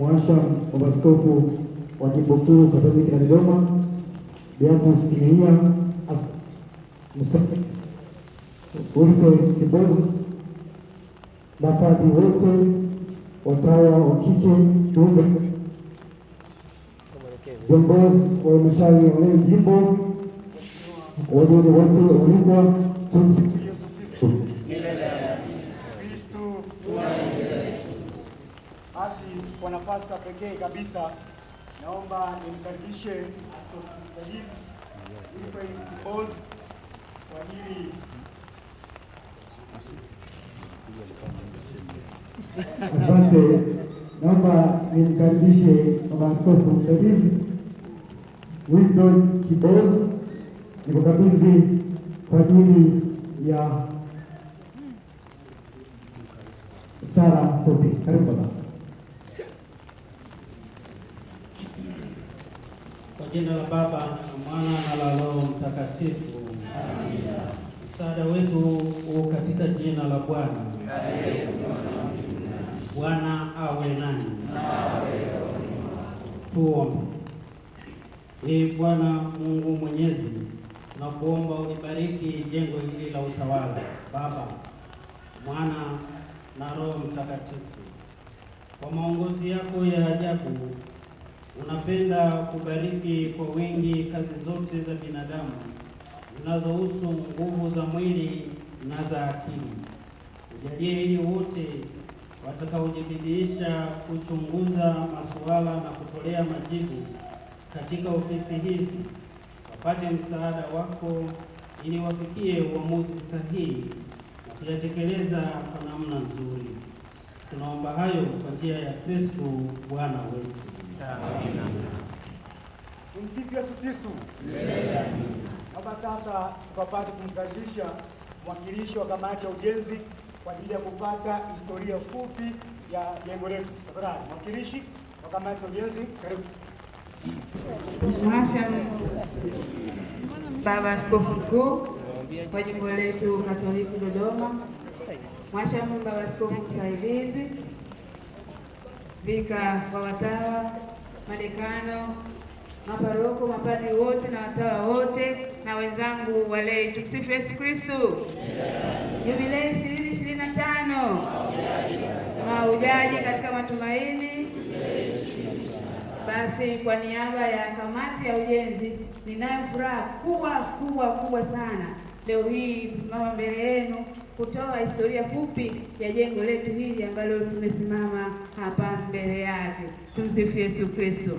Mwasha wa maaskofu wa jimbo kuu Katoliki la Dodoma, Beatus Kimia Kibozi, makadi wote, watawa wa kike, kiume, viongozi wa halmashauri wa jimbo, wageni wote walikwa Kwa nafasi ya pekee kabisa, naomba nimkaribishe Askofu Msaidizi kwa ajili Asante, naomba nimkaribishe Baba Askofu Msaidizi Wilfred Kibozi nikukabidhi kwa ajili ya sala fupi. Karibu baba. jina la Baba na Mwana na la Roho Mtakatifu. Amina. Msaada wetu u katika jina la Bwana. Bwana awe nani. Tuombe. Ee Bwana Mungu Mwenyezi, nakuomba unibariki jengo hili la utawala, Baba, Mwana na Roho Mtakatifu, kwa maongozi yako ya ajabu unapenda kubariki kwa wingi kazi zote za binadamu zinazohusu nguvu za mwili na za akili. Ujalie ili wote watakaojibidiisha kuchunguza masuala na kutolea majibu katika ofisi hizi wapate msaada wako ili wafikie uamuzi sahihi na kuyatekeleza kwa namna nzuri. Tunaomba hayo kwa njia ya Kristo Bwana wetu. Amina. Tumsifu Yesu Kristo. Baba, sasa tukapata kumkaribisha mwakilishi wa kamati ya ujenzi kwa ajili ya kupata historia fupi ya jengo letu. Tafadhali mwakilishi wa kamati ya ujenzi, karibu. Mwasha Baba Askofu Mkuu wa jimbo letu Katoliki Dodoma, Mwashamu Baba Askofu Msaidizi, Vika wa Watawa madekano, maparoko, mapadri wote na watawa wote na wenzangu walei. Tumsifu Yesu Kristo. Jubilei ishirini ishirini na tano maujaji katika matumaini. Basi kwa niaba ya kamati ya ujenzi, ninayo furaha kubwa kubwa kubwa sana leo hii kusimama mbele yenu kutoa historia fupi ya jengo letu hili ambalo tumesimama hapa mbele yake. Tumsifu Yesu Kristo.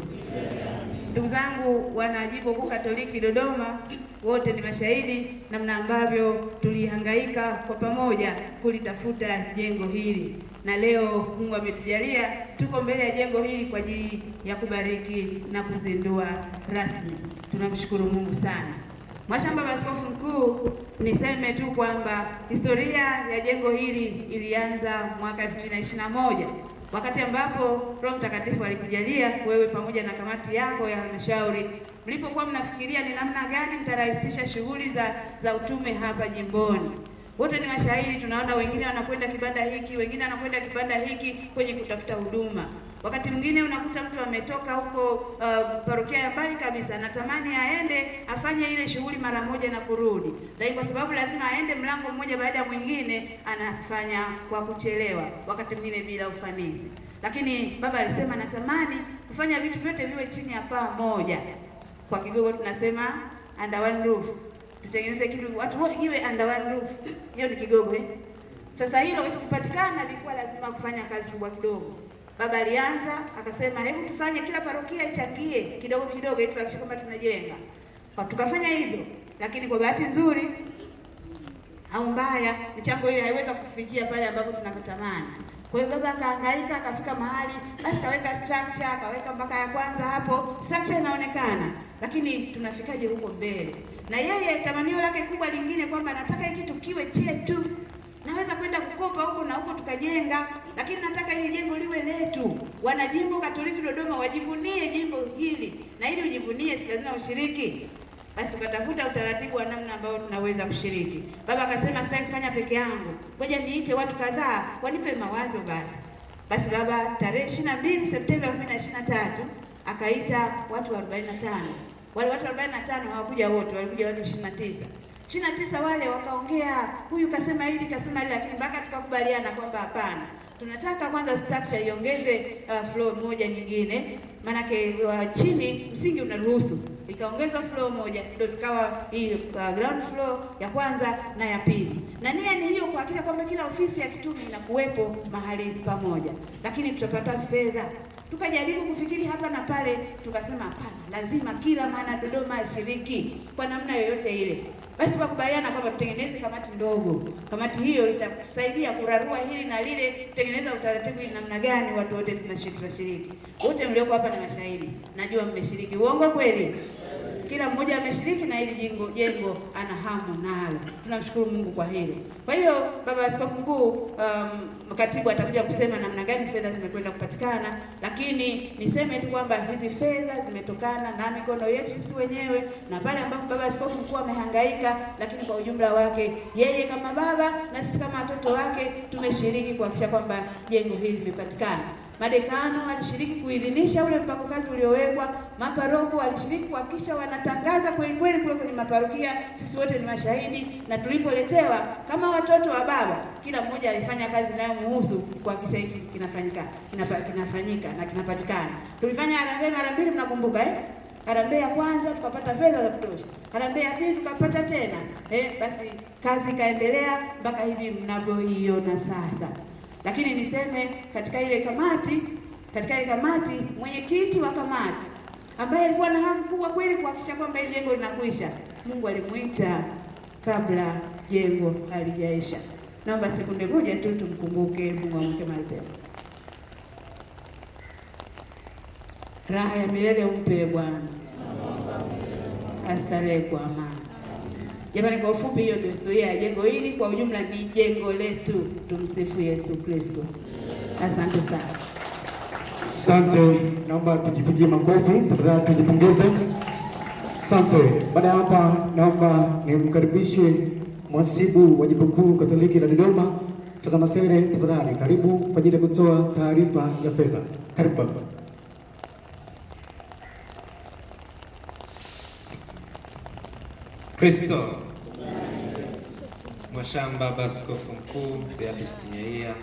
Ndugu zangu wanajibu kuu Katoliki Dodoma, wote ni mashahidi namna ambavyo tulihangaika kwa pamoja kulitafuta jengo hili, na leo Mungu ametujalia tuko mbele ya jengo hili kwa ajili ya kubariki na kuzindua rasmi. Tunamshukuru Mungu sana. Mwashamba, Askofu Mkuu, niseme tu kwamba historia ya jengo hili ilianza mwaka 2021 wakati ambapo Roho Mtakatifu alikujalia wewe pamoja na kamati yako ya halmashauri mlipokuwa mnafikiria ni namna gani mtarahisisha shughuli za za utume hapa jimboni. Wote ni washahidi, tunaona wengine wanakwenda kibanda hiki, wengine wanakwenda kibanda hiki kwenye kutafuta huduma. Wakati mwingine unakuta mtu ametoka huko uh, parokia ya mbali kabisa, anatamani aende afanye ile shughuli mara moja na kurudi, lakini kwa sababu lazima aende mlango mmoja baada ya mwingine, anafanya kwa kuchelewa, wakati mwingine bila ufanisi. Lakini baba alisema natamani kufanya vitu vyote viwe chini ya paa moja. Kwa Kigogo tunasema under one roof, tutengeneze kitu watu wote iwe under one roof. Hiyo ni Kigogo eh? Sasa hilo ikupatikana, ilikuwa lazima kufanya kazi kubwa kidogo Baba alianza akasema, hebu tufanye kila parokia ichangie kidogo kidogo, ili tuhakikishe kwamba tunajenga. Kwa tukafanya hivyo, lakini kwa bahati nzuri au mbaya, michango ile haiweza kufikia pale ambapo tunavyotamani. Kwa hiyo baba akahangaika, akafika mahali basi, kaweka structure, akaweka mpaka ya kwanza hapo, structure inaonekana, lakini tunafikaje huko mbele? Na yeye tamanio lake kubwa lingine kwamba anataka hiki kitu kiwe chetu naweza kwenda kukopa huko na huko tukajenga, lakini nataka hili jengo liwe letu. Wanajimbo Katoliki Dodoma wajivunie jimbo hili, na ili ujivunie, si lazima ushiriki. Basi tukatafuta utaratibu wa namna ambayo tunaweza kushiriki. Baba akasema sitaki kufanya peke yangu, ngoja niite watu kadhaa wanipe mawazo. Basi basi baba tarehe ishirini na mbili Septemba elfu mbili na ishirini na tatu akaita watu arobaini na tano. Wale watu arobaini na tano hawakuja wote, walikuja watu ishirini na tisa ishirini na tisa wale wakaongea, huyu kasema hili kasema hili, lakini mpaka tukakubaliana kwamba hapana, tunataka kwanza structure iongeze uh, floor moja nyingine, maanake uh, chini msingi unaruhusu, ikaongezwa floor moja, ndio tukawa hii uh, ground floor ya kwanza na ya pili, na nia ni hiyo kuhakikisha kwamba kila ofisi ya Kitumi inakuwepo mahali pamoja, lakini tutapata fedha tukajaribu kufikiri hapa na pale, tukasema hapana, lazima kila mwana Dodoma ashiriki kwa namna yoyote ile. Basi tukakubaliana kwamba tutengeneze kamati ndogo. Kamati hiyo itakusaidia kurarua hili na lile, kutengeneza utaratibu ni namna gani watu wote tunashiriki. Wote mlioko hapa ni mashahidi, najua mmeshiriki. Uongo kweli? kila mmoja ameshiriki na hili jengo jengo ana hamu nalo. Tunamshukuru Mungu kwa hili. Kwa hiyo baba askofu mkuu um, katibu atakuja kusema namna gani fedha zimekwenda kupatikana, lakini niseme tu kwamba hizi fedha zimetokana na mikono yetu sisi wenyewe na pale ambapo baba askofu mkuu amehangaika, lakini kwa ujumla wake yeye kama baba na sisi kama watoto wake tumeshiriki kuhakikisha kwamba jengo hili limepatikana. Madekano walishiriki kuidhinisha ule mpango kazi uliowekwa. Maparoko walishiriki kuhakikisha wanatangaza kweli kweli kule kwenye maparokia. Sisi wote ni mashahidi, na tulipoletewa kama watoto wa baba, kila mmoja alifanya kazi inayomhusu kuhakikisha hiki kinafanyika, kinafanyika na kinapatikana. Tulifanya harambee mara mbili, mnakumbuka eh? Harambee ya kwanza tukapata fedha za kutosha, harambee ya pili tukapata tena eh, basi kazi ikaendelea mpaka hivi mnavyoiona sasa. Lakini niseme katika ile kamati, katika ile kamati mwenyekiti wa kamati ambaye alikuwa na hamu kubwa kweli kuhakikisha kwamba ile jengo linakwisha, Mungu alimuita kabla jengo halijaisha. Naomba sekunde moja tu tumkumbuke Mungu amke mahali Raha ya milele umpe Bwana, astarehe kwa amani. Jamani, kwa ufupi hiyo ndio historia ya jengo hili, kwa ujumla ni jengo letu. Tumsifu Yesu Kristo. Asante sana. Asante, naomba tujipigie makofi, tafadhali tujipongeze. Asante. Baada ya hapa, naomba nimkaribishe mwasibu wa jimbo kuu Katoliki la Dodoma Faza Masere, tafadhali karibu kwa ajili ya kutoa taarifa ya pesa. Karibu baba. Kristo. Mwashamba Baba Askofu Mkuu Beatus Kinyaia,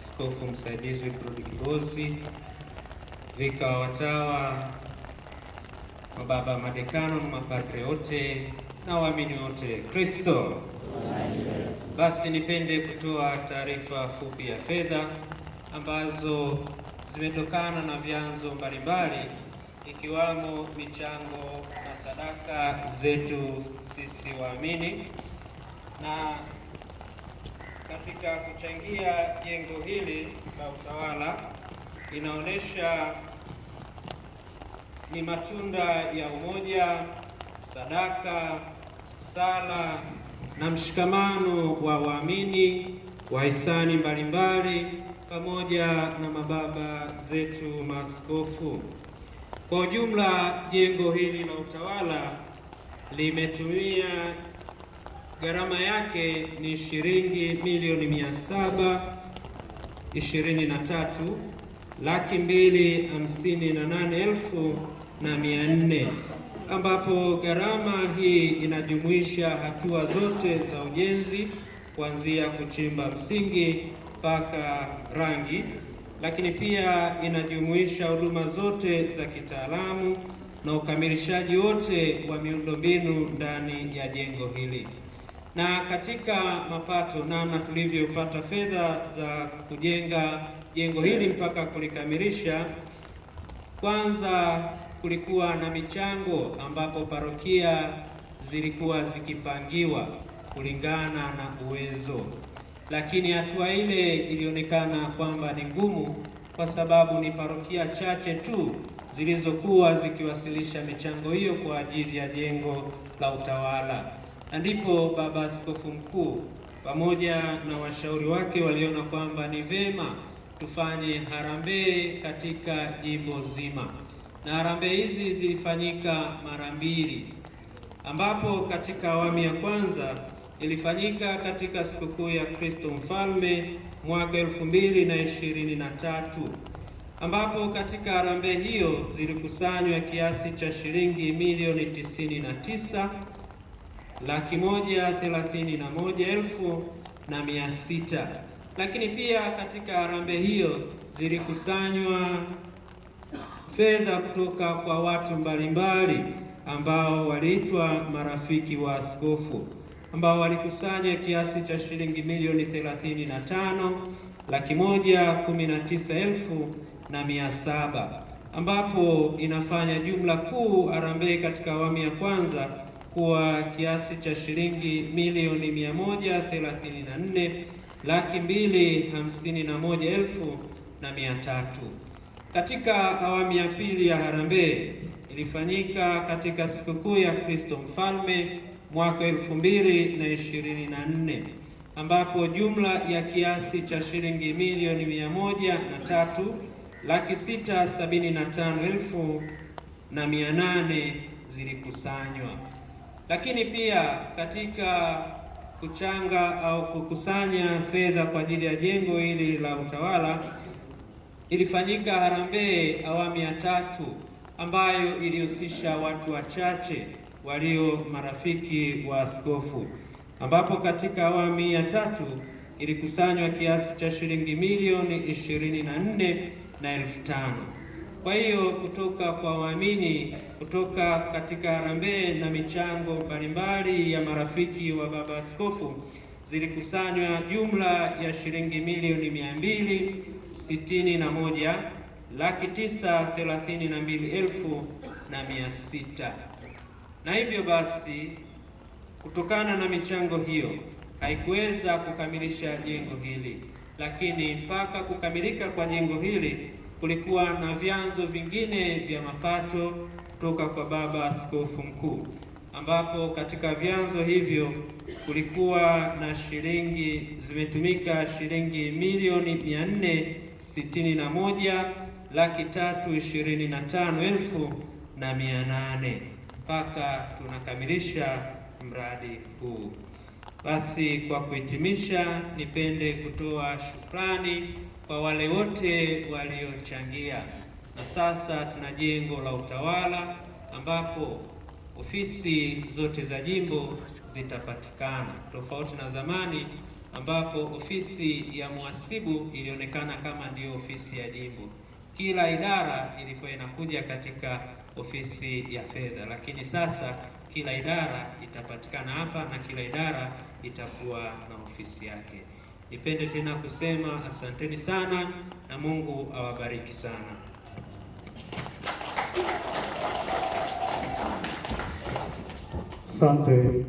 Askofu Msaidizi Wilbrod Kilozi, vika wa watawa, mababa madekano, mapadre wote na waamini wote, Kristo. Basi nipende kutoa taarifa fupi ya fedha ambazo zimetokana na vyanzo mbalimbali ikiwamo michango na sadaka zetu sisi waamini. Na katika kuchangia jengo hili la utawala, inaonyesha ni matunda ya umoja, sadaka, sala na mshikamano wa waamini wa hisani mbalimbali pamoja na mababa zetu maaskofu. Kwa ujumla, jengo hili la utawala limetumia gharama yake ni shilingi milioni mia saba ishirini na tatu laki mbili hamsini na nane elfu na mia nne ambapo gharama hii inajumuisha hatua zote za ujenzi kuanzia kuchimba msingi mpaka rangi lakini pia inajumuisha huduma zote za kitaalamu na ukamilishaji wote wa miundombinu ndani ya jengo hili. Na katika mapato, namna tulivyopata fedha za kujenga jengo hili mpaka kulikamilisha, kwanza kulikuwa na michango ambapo parokia zilikuwa zikipangiwa kulingana na uwezo lakini hatua ile ilionekana kwamba ni ngumu kwa sababu ni parokia chache tu zilizokuwa zikiwasilisha michango hiyo kwa ajili ya jengo la utawala, na ndipo Baba Askofu Mkuu pamoja na washauri wake waliona kwamba ni vema tufanye harambee katika jimbo zima, na harambee hizi zilifanyika mara mbili, ambapo katika awamu ya kwanza ilifanyika katika sikukuu ya Kristo Mfalme mwaka 2023 ambapo katika harambee hiyo zilikusanywa kiasi cha shilingi milioni 99 laki moja thelathini na moja elfu na mia sita lakini pia katika harambee hiyo zilikusanywa fedha kutoka kwa watu mbalimbali ambao waliitwa marafiki wa askofu ambao walikusanya kiasi cha shilingi milioni thelathini na tano laki moja kumi na tisa elfu na mia saba ambapo inafanya jumla kuu harambee katika awamu ya kwanza kuwa kiasi cha shilingi milioni 134 laki mbili hamsini na moja elfu na mia tatu. Katika awamu ya pili ya harambee ilifanyika katika sikukuu ya Kristo Mfalme mwaka nne ambapo jumla ya kiasi cha shilingi milioni mia moja na tatu laki sita sabini na tano elfu na mia nane zilikusanywa. Lakini pia katika kuchanga au kukusanya fedha kwa ajili ya jengo hili la utawala ilifanyika harambee awamu ya tatu ambayo ilihusisha watu wachache walio marafiki wa askofu, ambapo katika awamu ya tatu ilikusanywa kiasi cha shilingi milioni ishirini na nne na elfu tano. Kwa hiyo kutoka kwa waamini kutoka katika harambee na michango mbalimbali ya marafiki wa baba askofu zilikusanywa jumla ya shilingi milioni mia mbili sitini na moja laki tisa thelathini na mbili elfu na mia sita. Na hivyo basi, kutokana na michango hiyo haikuweza kukamilisha jengo hili, lakini mpaka kukamilika kwa jengo hili kulikuwa na vyanzo vingine vya mapato kutoka kwa baba askofu mkuu, ambapo katika vyanzo hivyo kulikuwa na shilingi zimetumika shilingi milioni mia nne sitini na moja laki tatu ishirini na tano elfu na mia nane mpaka tunakamilisha mradi huu. Basi kwa kuhitimisha, nipende kutoa shukrani kwa wale wote waliochangia, na sasa tuna jengo la utawala ambapo ofisi zote za jimbo zitapatikana tofauti na zamani ambapo ofisi ya mhasibu ilionekana kama ndio ofisi ya jimbo. Kila idara ilikuwa inakuja katika ofisi ya fedha, lakini sasa kila idara itapatikana hapa na kila idara itakuwa na ofisi yake. Nipende tena kusema asanteni sana na Mungu awabariki sana. Asante.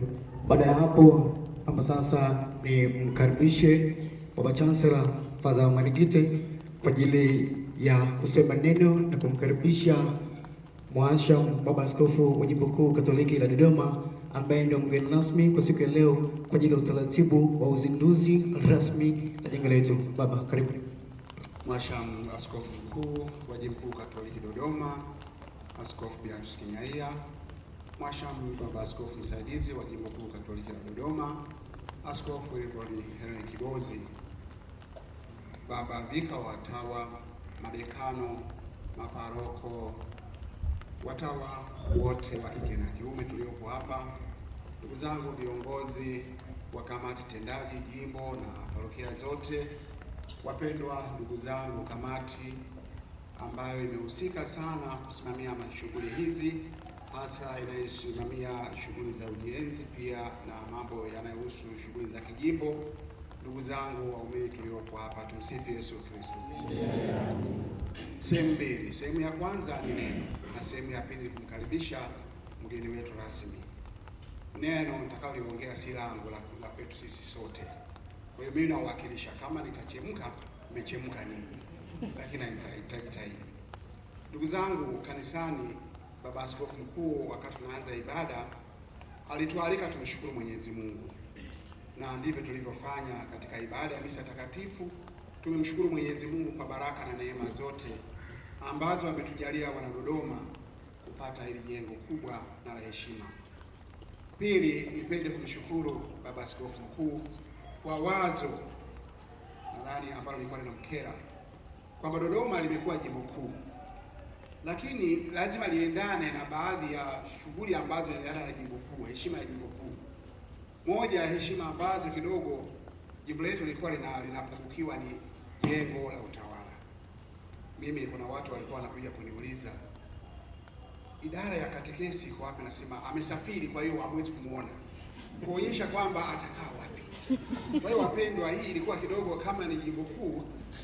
Baada ya hapo hapa sasa ni mkaribishe Baba Chancellor Padre Mwaligite kwa ajili ya kusema neno na kumkaribisha Mhashamu Baba Askofu wa Jimbo Kuu Katoliki la Dodoma ambaye ndio mgeni rasmi kwa siku ya leo kwa ajili ya utaratibu wa uzinduzi rasmi la jengo letu. Baba, karibu. Mhashamu Askofu Mkuu wa Jimbo Kuu Katoliki Dodoma, Askofu Bianchus Kinyaia, Mhashamu Baba Askofu Msaidizi wa Jimbo Kuu Katoliki la Dodoma, Askofu Wilbrod Henry Kibozi, Baba Vika, watawa, madekano, maparoko watawa wote wa kike na kiume tuliopo hapa, ndugu zangu viongozi wa kamati tendaji jimbo na parokia zote, wapendwa ndugu zangu kamati ambayo imehusika sana kusimamia shughuli hizi, hasa inayosimamia shughuli za ujenzi pia na mambo yanayohusu shughuli za kijimbo, ndugu zangu waumini tuliopo hapa, tumsifu Yesu Kristo sehemu mbili. Sehemu ya kwanza ni neno na sehemu ya pili kumkaribisha mgeni wetu rasmi. Neno nitakaloliongea si langu, la kwetu sisi sote. Kwa hiyo mimi nawakilisha, kama nitachemka nimechemka nini, lakini nitajitahidi. Ndugu zangu, kanisani, baba askofu mkuu wakati tunaanza ibada alitualika tumshukuru Mwenyezi Mungu, na ndivyo tulivyofanya katika ibada ya misa takatifu Tumemshukuru Mwenyezi Mungu kwa baraka na neema zote ambazo ametujalia Wanadodoma kupata hili jengo kubwa na la heshima. Pili, nipende kumshukuru Baba Askofu Mkuu kwa wazo nadhani ambalo lilikuwa linamkera kwamba Dodoma limekuwa jimbo kuu, lakini lazima liendane na baadhi ya shughuli ambazo zinaendana na jimbo kuu, heshima ya jimbo kuu. Moja ya heshima ambazo kidogo jibu letu lilikuwa linapungukiwa ni jengo la utawala. Mimi kuna watu walikuwa wanakuja kuniuliza idara ya katekesi iko wapi? Nasema amesafiri, kwa hiyo hamwezi kumuona, kuonyesha kwamba atakaa wapi. Kwa hiyo wapendwa, hii ilikuwa kidogo kama ni jimbo kuu,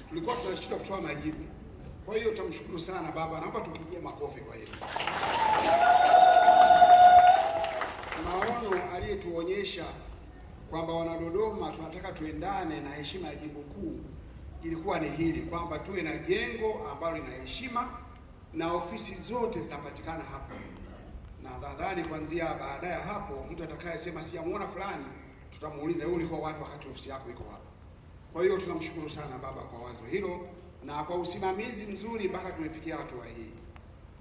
tulikuwa tunashindwa kutoa majibu. Kwa hiyo tamshukuru sana baba, naomba tupigie makofi kwa hiyo maono aliyetuonyesha kwamba wanadodoma tunataka tuendane na heshima ya jimbo kuu, ilikuwa ni hili kwamba tuwe na jengo ambalo lina heshima na ofisi zote zinapatikana hapo, na nadhani kuanzia baada ya hapo mtu atakayesema sijamuona fulani, tutamuuliza yule ulikuwa wapi wakati ofisi yako iko hapa. Kwa hiyo tunamshukuru sana baba kwa wazo hilo na kwa usimamizi mzuri mpaka tumefikia hatua hii.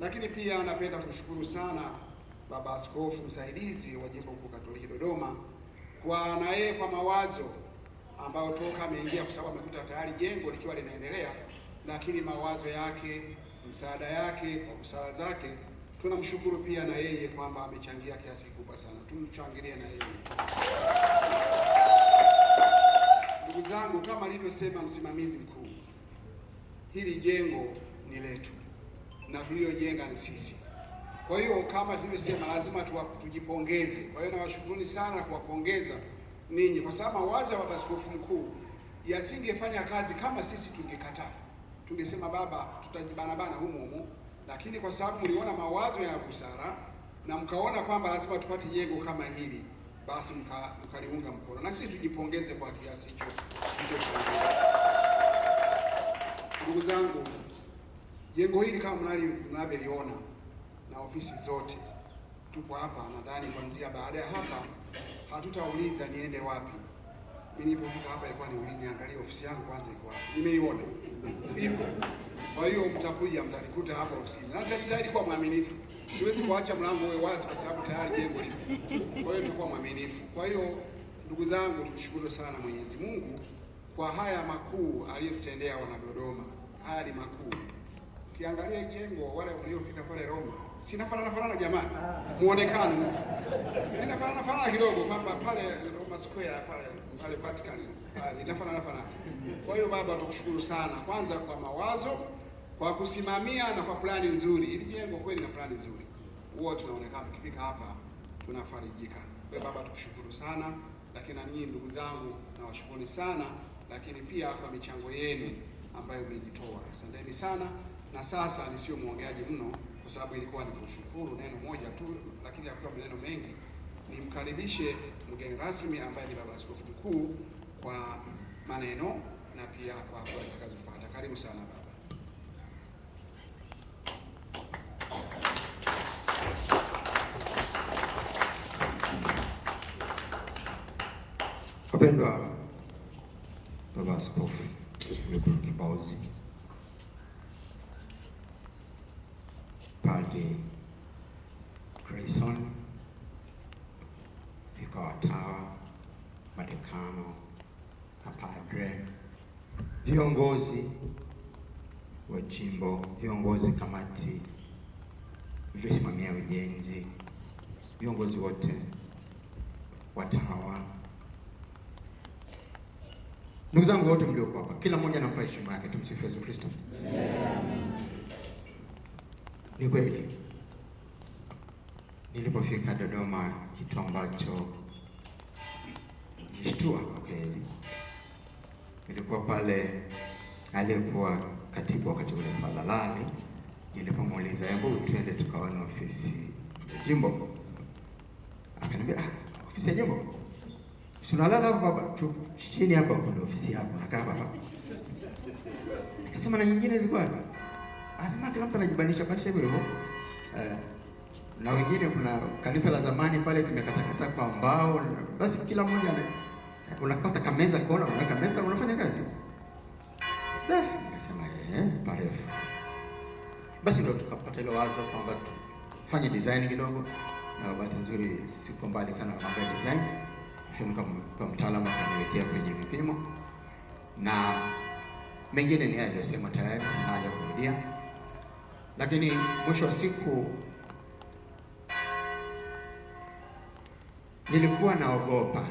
Lakini pia napenda kumshukuru sana baba askofu msaidizi wa jimbo kuu Katoliki Dodoma kwa na yeye kwa mawazo ambayo toka ameingia, kwa sababu amekuta tayari jengo likiwa linaendelea, lakini mawazo yake, msaada yake, kwa busara zake, tunamshukuru pia na yeye kwamba amechangia kiasi kikubwa sana. Tumchangilie na yeye. Ndugu zangu, kama alivyosema msimamizi mkuu, hili jengo ni letu na tuliyojenga ni sisi. Kwa hiyo kama tulivyosema, lazima tujipongeze. Kwa hiyo nawashukuruni sana kuwapongeza ninyi, kwa sababu mawazo ya askofu mkuu yasingefanya kazi kama sisi tungekataa, tungesema baba, tutajibanabana humo humo, lakini kwa sababu mliona mawazo ya busara na mkaona kwamba lazima tupate jengo kama hili, basi mkaliunga mkono, na sisi tujipongeze kwa kiasi hicho. Ndugu zangu, jengo hili kama mnavyoliona na ofisi zote tupo hapa. Nadhani kuanzia baada ya hapa hatutauliza niende wapi. Mimi nilipofika hapa ilikuwa niulize niangalie ofisi yangu kwanza iko wapi. Nimeiona ipo, kwa hiyo mtakuja mtanikuta hapa ofisini, na nitajitahidi kuwa mwaminifu. Siwezi kuacha mlango uwe wazi, kwa sababu tayari jengo lipo. Kwa hiyo nitakuwa mwaminifu. Kwa hiyo ndugu zangu, tumshukuru sana Mwenyezi Mungu kwa haya makuu aliyotutendea Wanadodoma. Haya ni makuu. Ukiangalia jengo wale waliofika pale Roma sinafanana fanana jamani, muonekano ninafanana fanana kidogo, kwamba pale Roma Square pale pale Vatican pale ninafanana fanana. Kwa hiyo baba, tukushukuru sana kwanza kwa mawazo, kwa kusimamia na kwa plani nzuri. Ili jengo kweli na plani nzuri, huwa tunaonekana tukifika hapa tunafarijika. Kwa baba, tukushukuru sana lakini na ninyi ndugu zangu nawashukuru sana lakini pia kwa michango yenu ambayo umejitoa, asanteni sana. Na sasa nisiyo mwongeaji mno kwa sababu ilikuwa ni kushukuru neno moja tu, lakini hakuwa maneno mengi. Nimkaribishe mgeni rasmi ambaye ni baba askofu mkuu kwa maneno na pia kwa hatua zitakazofuata. Karibu sana baba. Wapendwa baba askofu Kibaozi Padre Grayson, vikawatawa, madekano, apadre viongozi wa jimbo, viongozi kamati viliosimamia ujenzi, viongozi wote watawa, ndugu zangu wote mliokuwa hapa, kila mmoja anampa heshima yake. Tumsifu Yesu Kristo. Amen. Ni kweli nilipofika Dodoma, kitu ambacho nishtua kwa kweli, nilikuwa pale aliyekuwa katibu wakati ule Falalani, nilipomuuliza hebu twende tukaone ofisi ya jimbo, akaniambia ah, ofisi ya jimbo tunalala hapo baba, tu chini hapa kuna ofisi hapo, nakaa hapa. Akasema na nyingine ziko Anasema kila mtu anajibanisha banisha hivyo hivyo. Eh, na wengine kuna kanisa la zamani pale tumekatakata kwa mbao, basi kila mmoja ana eh, unapata kameza kona, unaweka meza, unafanya kazi. Da, eh, nikasema eh, parefu. Basi ndio tukapata ile wazo kwamba tufanye design kidogo, na bahati nzuri siko mbali sana na mambo ya design. Nikampa mtaalamu akaniwekea kwenye vipimo na mengine ni hayo niliyosema tayari, sina haja kurudia lakini mwisho wa siku nilikuwa naogopa,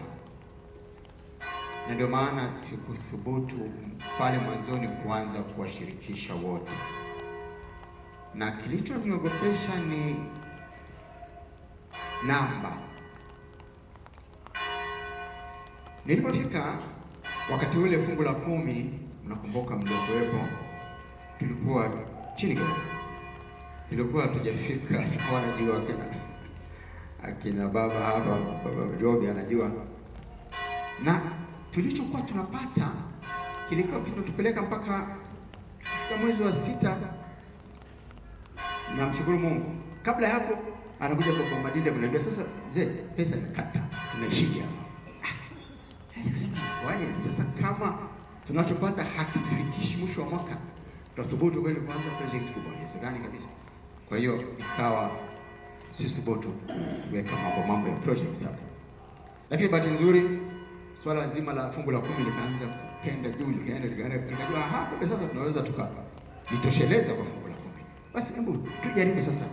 na ndio maana sikuthubutu pale mwanzoni kuanza kuwashirikisha wote, na kilichoniogopesha ni namba. Nilipofika wakati ule fungu la kumi, mnakumbuka mliokuwepo, tulikuwa chini kidogo tulikuwa hatujafika, wanajua akina akina baba hapa, baba Jobi anajua, na tulichokuwa tunapata kilikuwa kinatupeleka mpaka kufika mwezi wa sita, na mshukuru Mungu. Kabla ya hapo anakuja kwa Madida kuniambia, sasa mzee, pesa inakata, tunaishija ah, eh, waje sasa, kama tunachopata hakitufikishi mwisho wa mwaka, tutathubutu kweli kuanza project kubwa? Inawezekana kabisa. Kwa hiyo ikawa sisi tuboto kuweka mambo mambo ya projects hapo, lakini bahati nzuri swala zima la fungu la kumi likaanza kupenda juu, likaenda likaenda, nikajua aha, kumbe sasa tunaweza tukajitosheleza kwa fungu la kumi. Basi hebu tujaribu sasa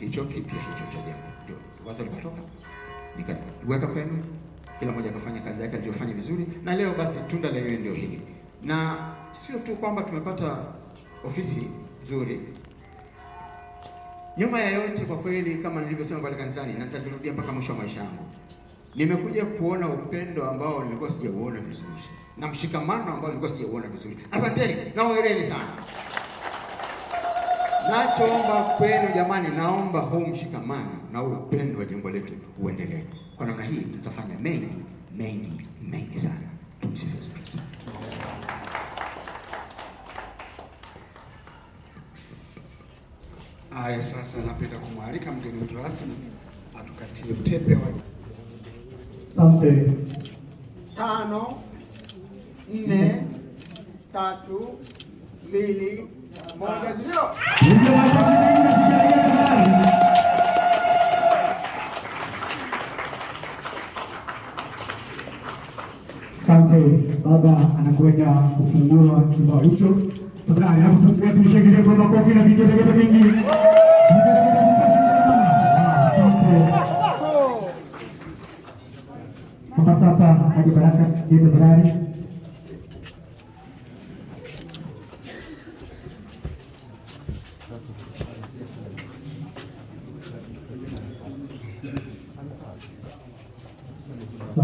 hicho kipya hicho cha jambo, ndio wazo likatoka, nikaweka kwenu, kila mmoja akafanya kazi yake aliyofanya vizuri, na leo basi tunda lenyewe ndio hili, na sio tu kwamba tumepata ofisi nzuri Nyuma ya yote, kwa kweli, kama nilivyosema pale kanisani na nitarudia mpaka mwisho wa maisha yangu, nimekuja kuona upendo ambao nilikuwa sijauona vizuri na mshikamano ambao nilikuwa sijauona vizuri. Asanteni na hongereni sana. Nachoomba kwenu jamani, naomba huu mshikamano na upendo wa jimbo letu uendelee. Kwa namna hii tutafanya mengi mengi mengi sana. Tumsifu. Haya, sasa napenda kumwalika mgeni wetu rasmi atukatie utepe wa Asante. Tano, nne, tatu, mbili, moja, zero. Asante baba, anakwenda kufungua kibao hicho. Sasa kwa makofi na vigelegele vingi.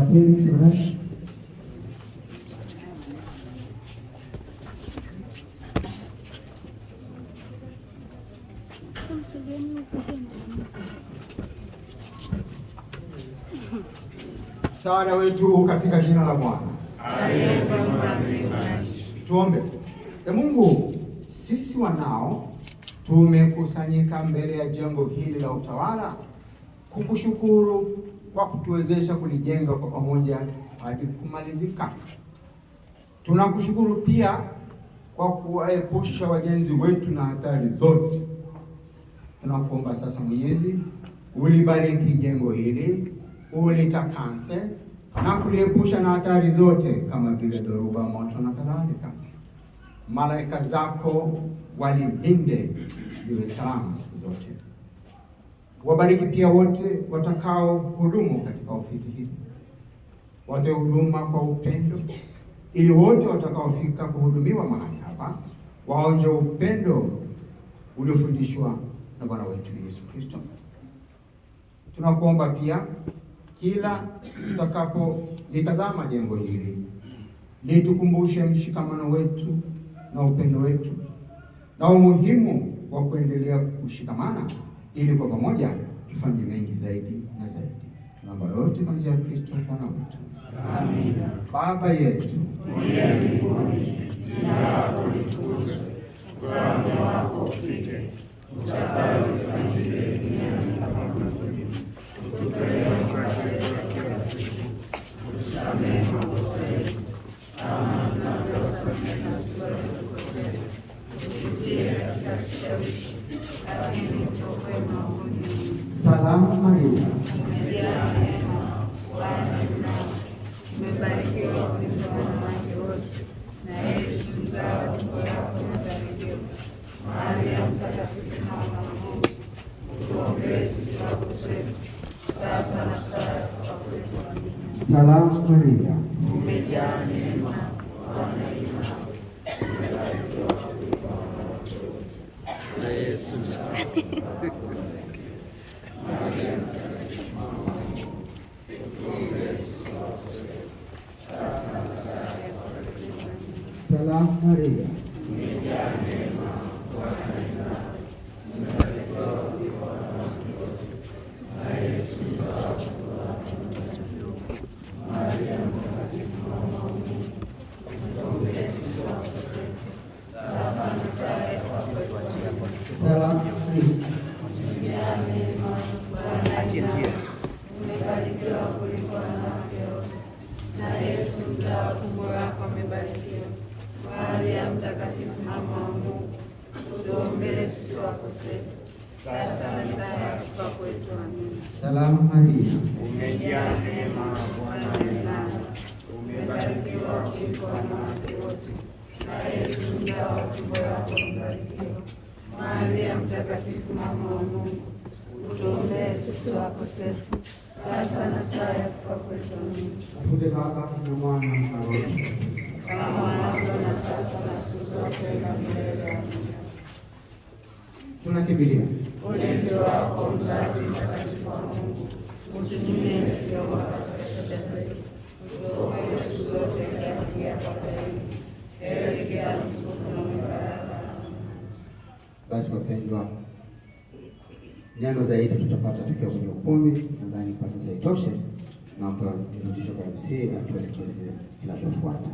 David wetu katika jina la Bwana. Tuombe. E Mungu, sisi wanao tumekusanyika mbele ya jengo hili la utawala kukushukuru kwa kutuwezesha kulijenga kwa pamoja hadi kumalizika. Tunakushukuru pia kwa kuwaepusha wajenzi wetu na hatari zote. Tunakuomba sasa, Mwenyezi, ulibariki jengo hili, ulitakase na kuliepusha na hatari zote kama vile dhoruba, moto na kadhalika. Malaika zako walilinde liwe salama siku zote. Wabariki pia wote watakao hudumu katika ofisi hizi, watoe huduma kwa upendo, ili wote watakaofika kuhudumiwa mahali hapa waonje upendo uliofundishwa na Bwana wetu Yesu Kristo. Tunakuomba pia kila tutakapolitazama jengo hili litukumbushe mshikamano wetu na upendo wetu na umuhimu wa kuendelea kushikamana ili kwa pamoja tufanye mengi zaidi na zaidi. Tunaomba yote kwa njia ya Kristo Bwana wetu. Amina. Baba yetu uliye mbinguni, jina lako litukuzwe, ufalme wako ufike, utakalo lifanyike duniani kama mbinguni. Utupe leo mkate wetu wa kila siku, utusamehe makosa yetu kama sisi usitutie katika kishawishi Salamu Maria, umebarikiwa kuliko wanawake Salam Maria. Mtakatifu, mama wa Mungu, utuombee sisi wakosefu, sasa na saa ya kufa kwetu. Amina. Mwana na kama mwanzo na sasa na siku zote na milele. Amina. Tunakimbilia ulinzi wako, mzazi mtakatifu wa Mungu, utunyime tukiomba katika shida zetu, utuokoe siku zote na kutuokoa kutoka kaburini. Heri kila mtukufu na mwimbaji basi wapendwa, nyando zaidi tutapata tukiwa kwenye ukumbi. Nadhani kwa sasa itoshe, naomba nirudishe kwa MC tuelekeze kinachofuata.